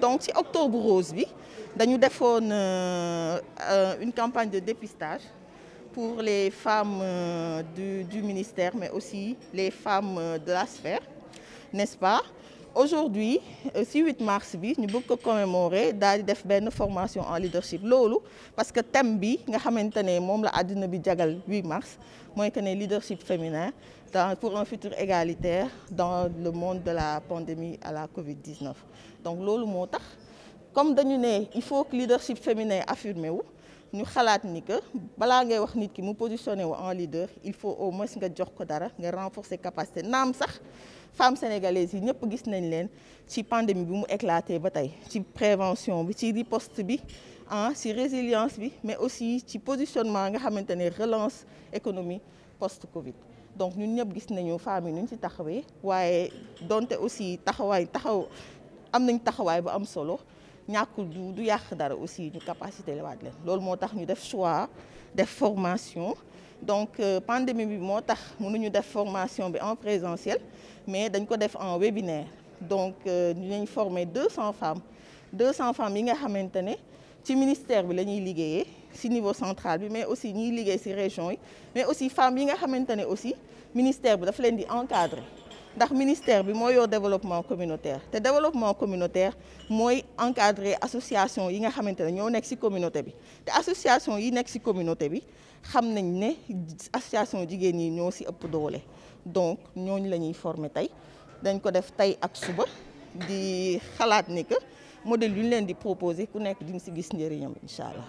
donc c'est octobre rose bi dañu euh, euh, une campagne de dépistage pour les femmes euh, du ministère mais aussi les femmes de la sphère n'est-ce pas aujourd'hui le euh, 8 mars nous ñu bëgg commémorer daal formation en leadership parce que le thème nous avons xamante ne 8 mars c'est le leadership féminin pour un futur égalitaire dans le monde de la pandémie à la Covid-19 donc loolu moo comme dañu il faut que le leadership féminin affirmé nous xalaat ni que bala ngay wax nit ki mu positionné wu en leader il faut au moins nga jox ko dara nga renforcer capacité Nam sax femmes sénégalaises yi ñëpp gis nañ leen ci pandémie bi mu éclaté ba tay ci prévention bi ci riposte bi ah ci résilience bi mais aussi ci positionnement nga xamantene relance économie post Covid donc ñun ñëpp gis nañu femmes yi ñu ci taxawé waaye donte aussi taxaway taxaw am nañ taxaway bu am solo nous avons du dara aussi ñu capacité de faire Nous des choix des formations. donc euh, pandémie bi pandémie, nous avons def formation en présentiel mais nous avons def en webinaire donc avons formé 200 femmes 200 femmes yi nga xamante ne ci ministère bi ministère, ñuy au niveau central mais aussi nous liggéey ci région mais aussi femmes yi nga xamante aussi, aussi ministère bi dafa leen ndax ministère bi moo développement communautaire le développement communautaire mooy encadrer association yi nga xamante ne ñoo ci communauté bi te association yi nekk ci communauté bi xam nañ ne association jigéen ñi ñoo ci ëpp doole donc ñooñu la ñuy former tey dañ ko def tey ak suba di xalaat ni que modèle yu ñu leen di proposer ku nekk di nga ci gis njëriñam incha